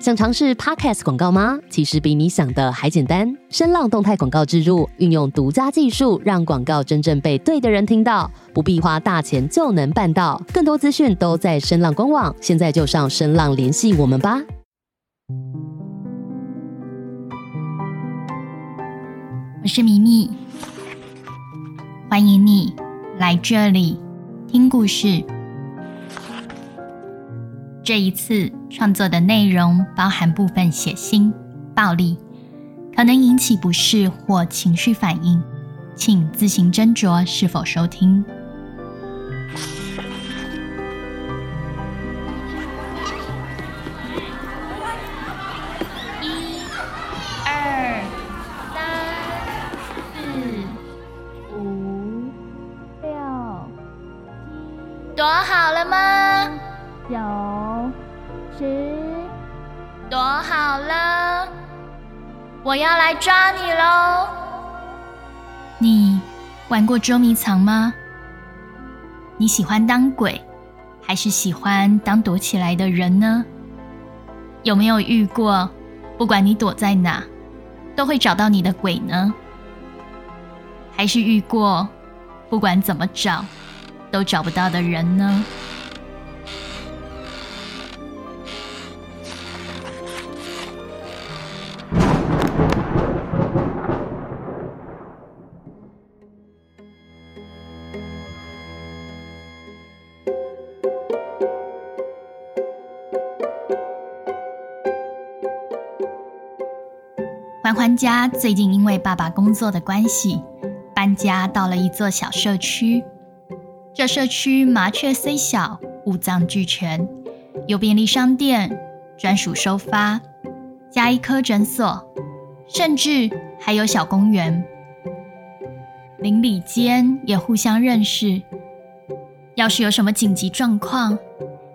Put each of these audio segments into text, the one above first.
想嘗試 Podcast 廣告嗎？其實比你想的還簡單。聲浪動態廣告植入，運用獨家技術，讓廣告真正被對的人聽到，不必花大錢就能辦到。更多資訊都在聲浪官網，現在就上聲浪聯繫我們吧。我是米米，歡迎你來這裡聽故事。這一次。創作的內容包含部分血腥、暴力，可能引起不適或情緒反應，請自行斟酌是否收聽。玩過捉迷藏嗎？你喜歡當鬼，還是喜歡當躲起來的人呢？有沒有遇過，不管你躲在哪，都會找到你的鬼呢？還是遇過，不管怎麼找，都找不到的人呢？他最近因為爸爸工作的關係，搬家到了一座小社區。這社區麻雀雖小，五臟俱全，有便利商店、專屬收發、家醫科診所，甚至還有小公園。鄰里間也互相認識，要是有什麼緊急狀況，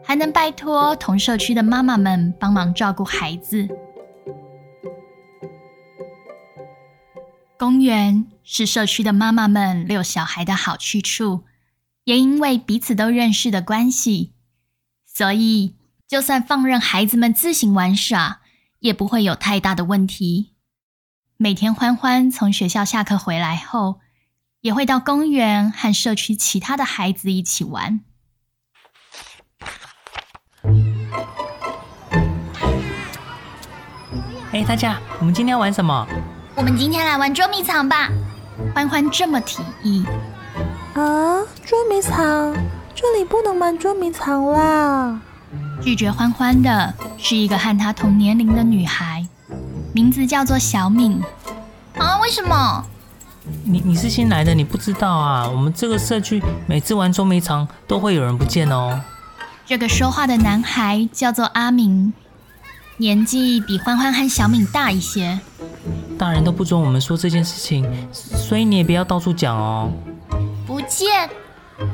還能拜託同社區的媽媽們幫忙照顧孩子。公園是社區的媽媽們遛小孩的好去處，也因為彼此都認識的關係，所以就算放任孩子們自行玩耍，也不會有太大的問題。每天歡歡從學校下課回來後，也會到公園和社區其他的孩子一起玩。哎，大家，我們今天玩什麼？我們今天來玩捉迷藏吧。歡歡這麼提議。啊，捉迷藏？這裡不能玩捉迷藏啦。拒絕歡歡的是一個和她同年齡的女孩，名字叫做小敏。啊，為什麼？你你是新來的，你不知道啊。我們這個社區每次玩捉迷藏都會有人不見哦。這個說話的男孩叫做阿明，年紀比歡歡和小敏大一些。大人都不准我們說這件事情，所以你也不要到處講哦。不見，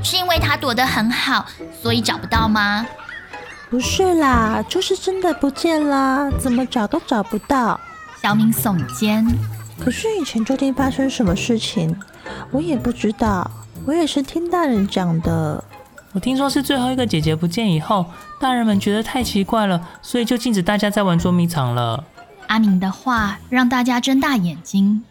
是因為他躲得很好，所以找不到嗎？不是啦，就是真的不見啦。怎麼找都找不到。小敏聳肩。可是以前究竟發生什麼事情，我也不知道，我也是聽大人講的。我聽說是最後一個姐姐不見以後，大人們覺得太奇怪了，所以就禁止大家再玩捉迷藏了。阿明的話讓大家睜大眼睛，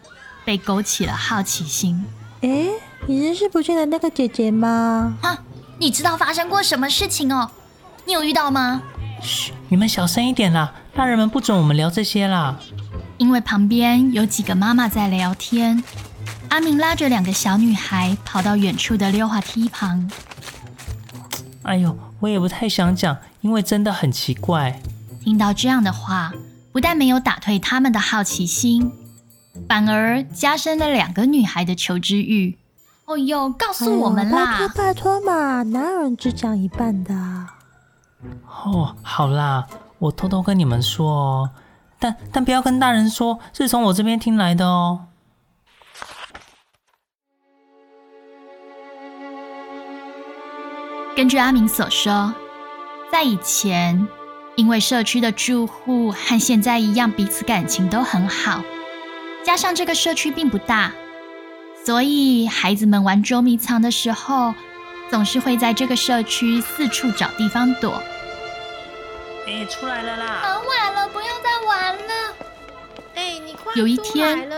被勾起了好奇心。哎，你認識不見的那個姐姐嗎？哈，你知道發生過什麼事情哦？你有遇到嗎？噓，你們小聲一點啦，大人們不准我們聊這些啦。因為旁邊有幾個媽媽在聊天，阿明拉着兩個小女孩跑到遠處的溜滑梯旁。哎呦，我也不太想講，因為真的很奇怪。聽到這樣的話。不但沒有打退他們的好奇心，反而加深了兩個女孩的求知欲。哦呦，告訴我們啦！哎、拜託嘛，哪有人只講一半的，啊？哦，好啦，我偷偷跟你們說哦，但但不要跟大人說，是從我這邊聽來的哦，喔。根據阿明所說，在以前。因為社區的住戶和現在一樣，彼此感情都很好，加上這個社區並不大，所以孩子們玩捉迷藏的時候，總是會在這個社區四處找地方躲。你、欸、出來了啦！很晚了，不要再玩了。哎、欸，你快來啦！有一天，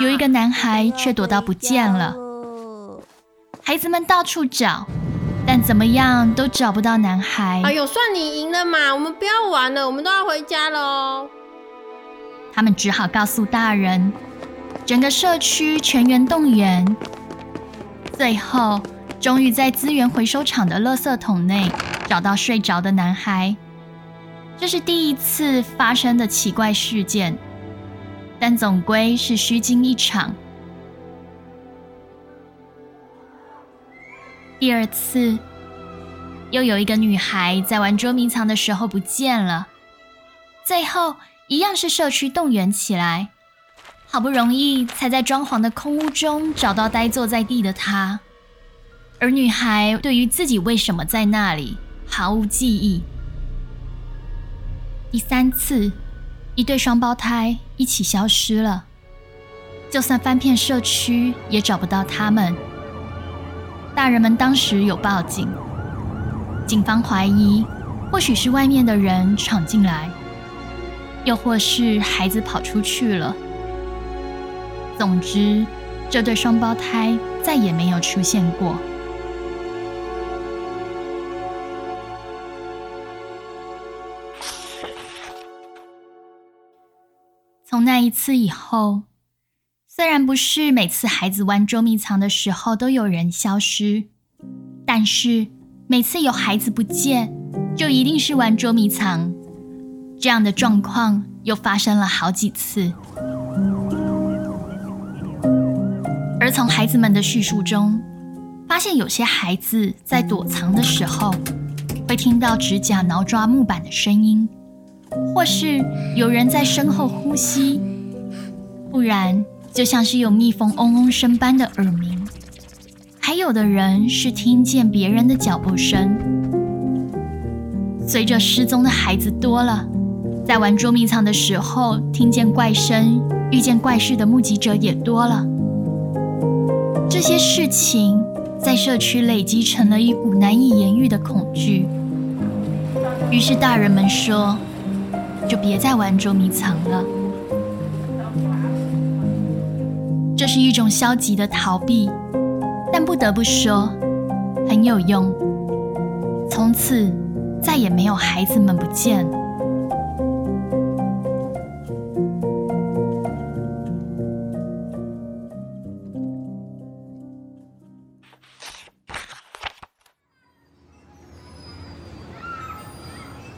有一個男孩卻躲到不見了，了孩子們到處找。怎麼樣都找不到男孩。哎呦，算你贏了嘛！我們不要玩了，我們都要回家嘍。他們只好告訴大人，整個社區全員動員，最後終於在資源回收場的垃圾桶內找到睡着的男孩。這是第一次發生的奇怪事件，但總歸是虛驚一場。第二次。又有一個女孩在玩捉迷藏的時候不見了，最後一樣是社區動員起來，好不容易才在裝潢的空屋中找到呆坐在地的她，而女孩對於自己為什麼在那裡毫無記憶。第三次，一對雙胞胎一起消失了，就算翻遍社區也找不到他們，大人們當時有報警。警方懷疑，或許是外面的人闖進來，又或是孩子跑出去了。總之，這對雙胞胎再也沒有出現過。從那一次以後，雖然不是每次孩子玩捉迷藏的時候都有人消失，但是，每次有孩子不見，就一定是玩捉迷藏。這樣的狀況又發生了好幾次。而從孩子們的敘述中，發現有些孩子在躲藏的時候，會聽到指甲撓抓木板的聲音，或是有人在身後呼吸，不然就像是有蜜蜂嗡嗡聲般的耳鳴。還有的人是聽見別人的腳步聲。隨着失蹤的孩子多了，在玩捉迷藏的時候聽見怪聲、遇見怪事的目擊者也多了。這些事情在社區累積成了一股難以言喻的恐懼。於是大人們說：“就別再玩捉迷藏了。”這是一種消極的逃避。但不得不說，很有用。從此再也沒有孩子們不見。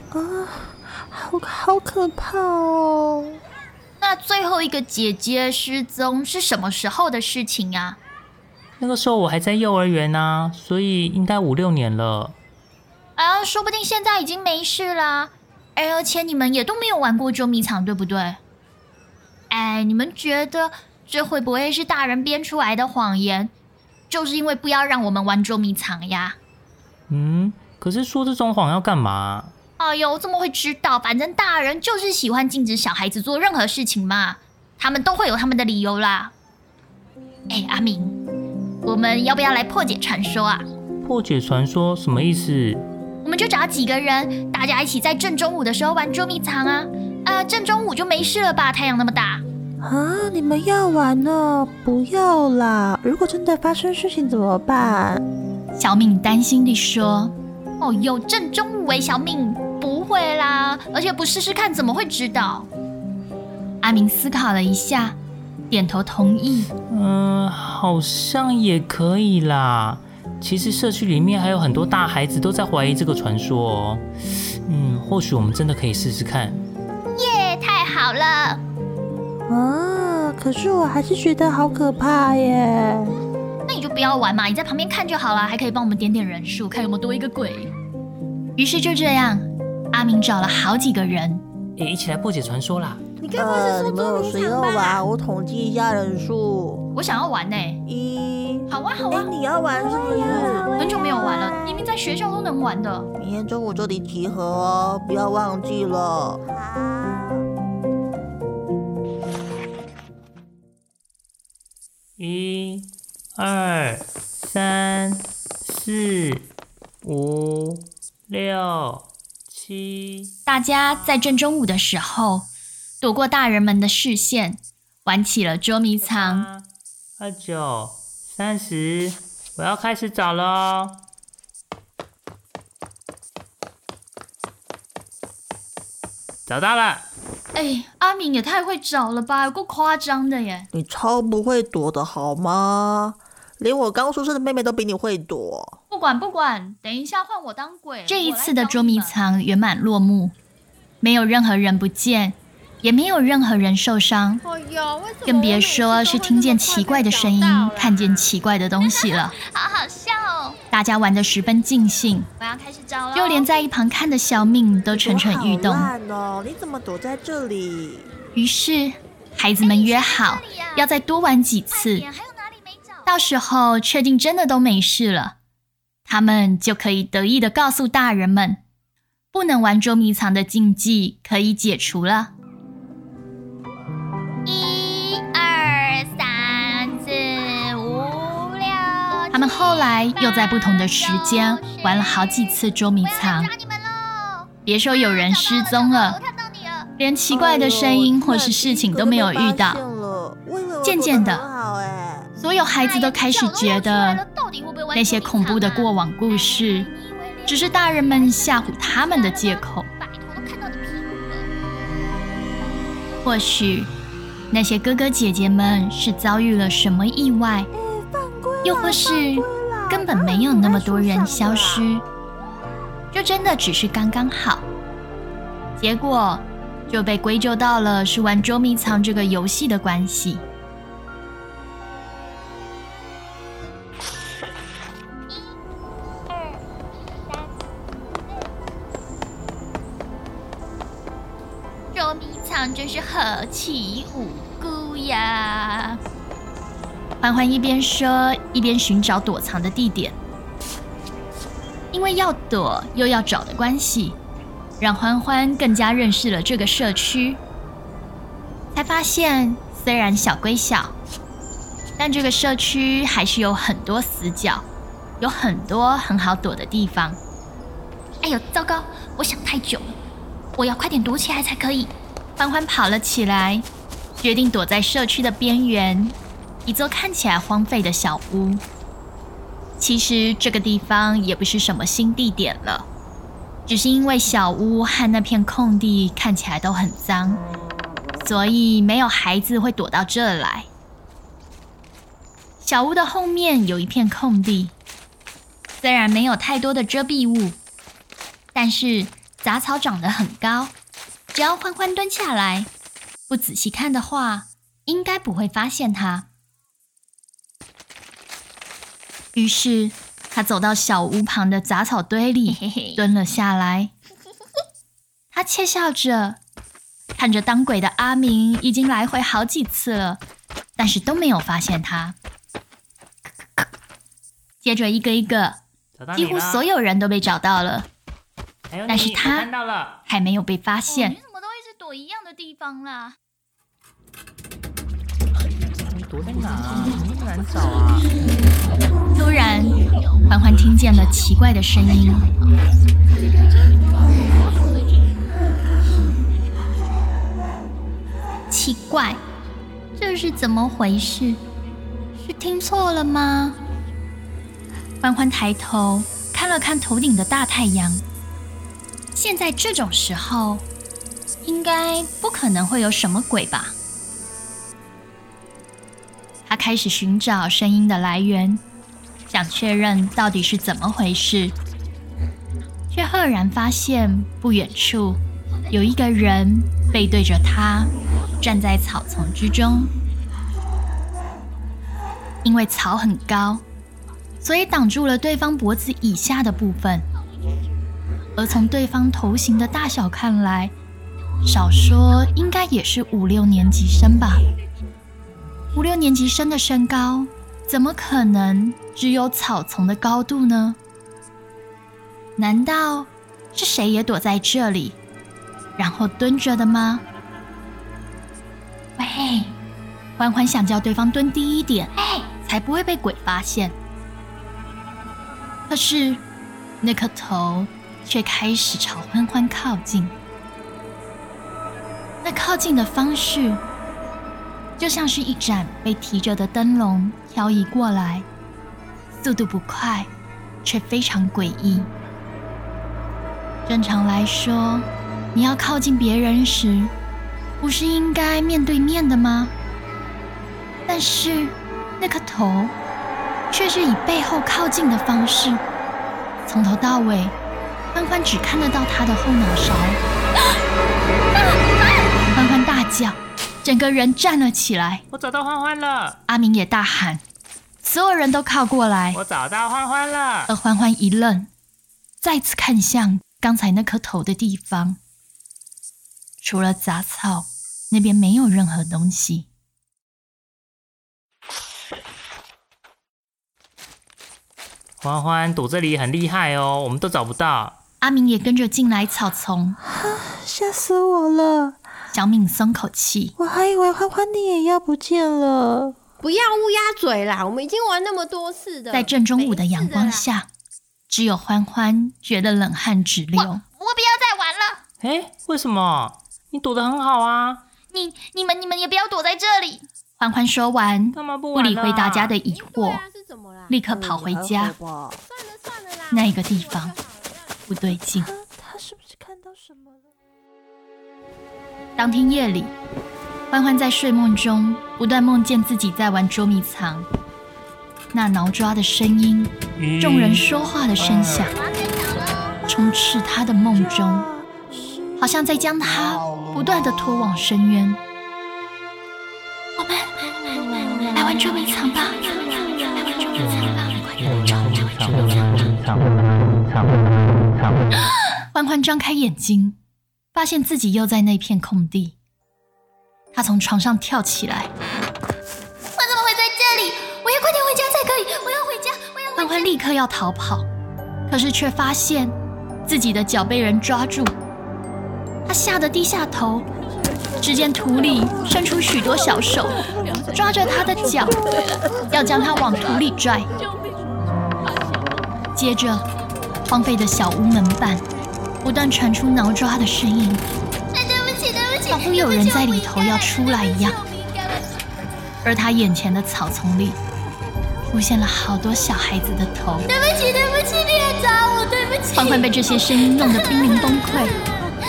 啊，好好可怕哦！那最後一個姐姐失蹤是什麼時候的事情啊？那個時候我還在幼兒園呢，啊，所以應該五六年了。啊，說不定現在已經沒事了。而且你們也都沒有玩過捉迷藏，對不對？哎，你們覺得這會不會是大人編出來的謊言？就是因為不要讓我們玩捉迷藏呀。嗯，可是說這種謊要幹嘛？哎呦，我怎麼會知道？反正大人就是喜歡禁止小孩子做任何事情嘛，他們都會有他們的理由啦。哎，阿明。我們要不要來破解傳說啊？破解傳說什麼意思？我們就找幾個人，大家一起在正中午的時候玩捉迷藏啊！啊、呃，正中午就沒事了吧？太陽那麼大。啊！你們要玩呢？哦？不要啦！如果真的發生事情怎麼辦？小敏擔心地說。哦，有正中午哎，欸！小敏不會啦，而且不試試看怎麼會知道？阿明思考了一下。點頭同意。嗯、呃，好像也可以啦。其實社區裡面還有很多大孩子都在懷疑這個傳說、哦。嗯，或許我們真的可以試試看。耶、yeah，太好了！啊、哦，可是我還是覺得好可怕耶。那你就不要玩嘛，你在旁邊看就好了，還可以幫我們點點人數，看有沒有多一個鬼。於是就這樣，阿明找了好幾個人，也一起來破解傳說啦。你可可是呃，你們有誰要玩？我統計一下人數。嗯、我想要玩呢、欸。一，好啊，好、欸、啊，你要玩什麼？很久沒有玩了，明明在學校都能玩的。明天中午這裡集合哦，不要忘記了。好、嗯。一、二、三、四、五、六、七。大家在正中午的時候。躲過大人們的視線，玩起了捉迷藏。二九三十，29, 30, 我要開始找嘍！找到了！哎，阿明也太會找了吧？有夠誇張的耶！你超不會躲的好嗎？連我剛出生的妹妹都比你會躲。不管不管，等一下換我當鬼我。這一次的捉迷藏圓滿落幕，沒有任何人不見。也沒有任何人受傷，更別說是聽見奇怪的聲音、看見奇怪的東西了。好好笑哦！大家玩得十分盡興。我要開始找了。就連在一旁看的小敏都蠢蠢欲動。你怎麼躲在這裡？於是，孩子們約好要再多玩幾次。到時候確定真的都沒事了，他們就可以得意地告訴大人們，不能玩捉迷藏的禁忌可以解除了。他們後來又在不同的時間玩了好幾次捉迷藏，別說有人失蹤了，連奇怪的聲音或是事情都沒有遇到。漸漸的，所有孩子都開始覺得那些恐怖的過往故事，只是大人們嚇唬他們的借口。或許那些哥哥姐姐們是遭遇了什麼意外。又或是根本沒有那麼多人消失，就真的只是剛剛好，結果就被歸咎到了是玩捉迷藏這個遊戲的關係。嗯、一、二、三、四、捉迷藏真是何其無辜呀！歡歡一邊說一邊尋找躲藏的地點，因為要躲又要找的關係，讓歡歡更加認識了這個社區。才發現，雖然小歸小，但這個社區還是有很多死角，有很多很好躲的地方。哎呦，糟糕！我想太久了，我要快點躲起來才可以。歡歡跑了起來，決定躲在社區的邊緣。一座看起來荒廢的小屋，其實這個地方也不是什麼新地點了，只是因為小屋和那片空地看起來都很髒，所以沒有孩子會躲到這來。小屋的後面有一片空地，雖然沒有太多的遮蔽物，但是雜草長得很高，只要歡歡蹲下來，不仔細看的話，應該不會發現它。於是，他走到小屋旁的雜草堆裡，蹲了下來。他竊笑着看着當鬼的阿明，已經來回好幾次了，但是都沒有發現他。接着，一個一個，幾乎所有人都被找到了，找到了。但是他還沒有被發現。哦，你怎麼都一直躲一樣的地方啦？躲在哪？突然走啊！突然，歡歡聽見了奇怪的聲音。奇怪，這是怎麼回事？是聽錯了嗎？歡歡抬頭看了看頭頂的大太陽。現在這種時候，應該不可能會有什麼鬼吧？開始尋找聲音的來源，想確認到底是怎麼回事，卻赫然發現不遠處有一個人背對着他站在草叢之中。因為草很高，所以擋住了對方脖子以下的部分。而從對方頭型的大小看來，少說應該也是五六年級生吧。五六年級生的身高，怎麼可能只有草叢的高度呢？難道是誰也躲在這裡，然後蹲着的嗎？喂，歡歡想叫對方蹲低一點，哎、才不會被鬼發現。可是那顆頭卻開始朝歡歡靠近，那靠近的方式。就像是一盞被提着的燈籠漂移過來，速度不快，卻非常詭異。正常來說，你要靠近別人時，不是應該面對面的嗎？但是那顆頭卻是以背後靠近的方式，從頭到尾，歡歡只看得到他的後腦勺。啊啊啊、歡歡大叫。整個人站了起來，我找到歡歡了！阿明也大喊，所有人都靠過來。我找到歡歡了！而歡歡一愣，再次看向剛才那顆頭的地方，除了雜草，那邊沒有任何東西。歡歡躲這裡很厲害哦，我們都找不到。阿明也跟着進來草叢，哈，嚇死我了！小敏鬆口氣，我還以為歡歡你也要不見了。不要烏鴉嘴啦，我們已經玩那麼多次的。在正中午的陽光下，只有歡歡覺得冷汗直流。我不要再玩了。哎、欸，為什麼？你躲得很好啊。你、你們、你們也不要躲在這裡。歡歡說完，不，不理會大家的疑惑、欸啊，立刻跑回家。嗯、回算了算了啦，那個地方個不對勁。他是不是看到什麼了？當天夜裡，歡歡在睡夢中不斷夢見自己在玩捉迷藏，那撓抓的聲音、眾人說話的聲響，充、嗯嗯、斥他的夢中，好像在將他不斷地拖往深淵、嗯。我們來玩捉迷藏吧，來玩捉迷藏吧，來玩捉迷藏吧，捉迷藏，捉迷藏，捉迷藏，歡歡張開眼睛。發現自己又在那片空地，他從床上跳起來。我怎麼會在這裡？我要快點回家才可以！我要回家！我要回家……歡歡立刻要逃跑，可是卻發現自己的腳被人抓住，他嚇得低下頭，只見土裡伸出許多小手，抓着他的腳，要將他往土裡拽。接着，荒廢的小屋門板。不斷傳出撓抓的聲音，仿、哎、佛有人在裡頭要出來一樣。而他眼前的草叢裡，出現了好多小孩子的頭。對不起，對不起，你要抓我，對不起。歡歡被這些聲音弄得瀕臨崩潰，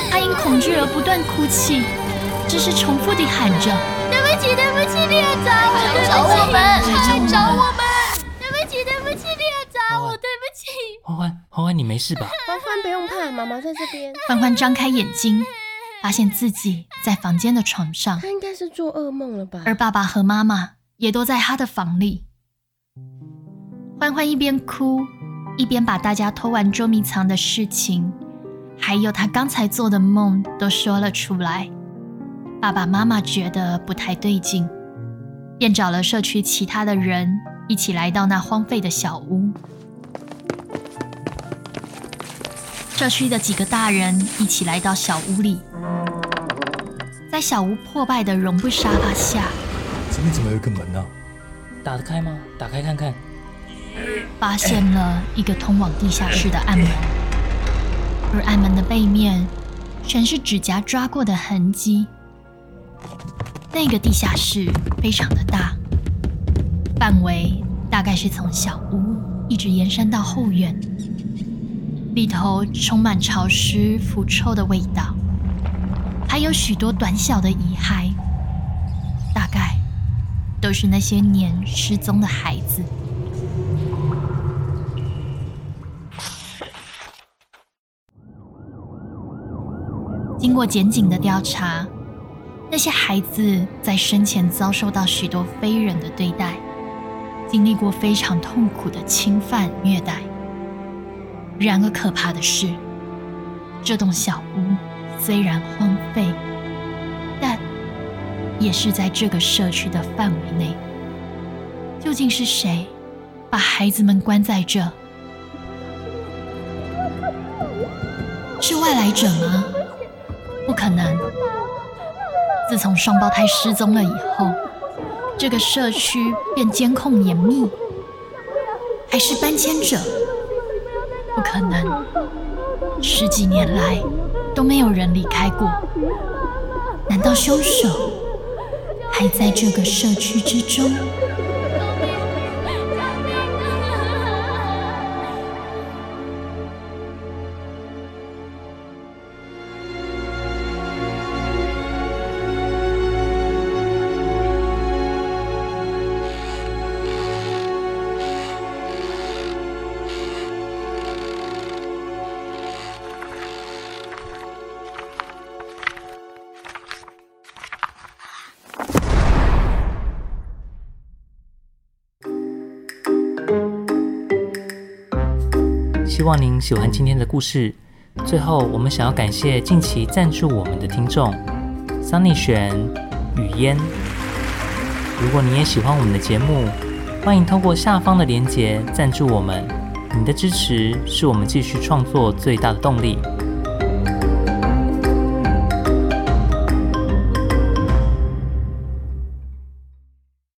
他 因恐懼而不斷哭泣，只是重複地喊着：“對不起，對不起，你要抓我，找我們，找我們，對不起，對不起，你要抓我，對不起。”歡歡，歡歡，你沒事吧？ 媽媽在這邊。歡歡張開眼睛，發現自己在房間的床上。他應該是做噩夢了吧？而爸爸和媽媽也都在他的房裡。歡歡一邊哭，一邊把大家偷玩捉迷藏的事情，還有他剛才做的夢都說了出來。爸爸媽媽覺得不太對勁，便找了社區其他的人一起來到那荒廢的小屋。社區的幾個大人一起來到小屋裡，在小屋破敗的絨布沙發下，這邊怎麼有一個門呢？打得開嗎？打開看看。發現了一個通往地下室的暗門，而暗門的背面全是指甲抓過的痕跡。那個地下室非常的大，範圍大概是從小屋一直延伸到後院。裡頭充滿潮濕、腐臭的味道，還有許多短小的遺骸，大概都是那些年失蹤的孩子。經過檢警的調查，那些孩子在生前遭受到許多非人的對待，經歷過非常痛苦的侵犯、虐待。然而可怕的是，這棟小屋雖然荒廢，但也是在這個社區的範圍內。究竟是誰把孩子們關在這？是外來者嗎？不可能。自從雙胞胎失蹤了以後，這個社區便監控嚴密，還是搬遷者？不可能，十幾年來都沒有人離開過。難道兇手還在這個社區之中？希望您喜歡今天的故事。最後，我們想要感謝近期贊助我們的聽眾，Sunny 璿、瑀嫣。如果你也喜歡我們的節目，歡迎透過下方的連結贊助我們。你的支持是我們繼續創作最大的動力。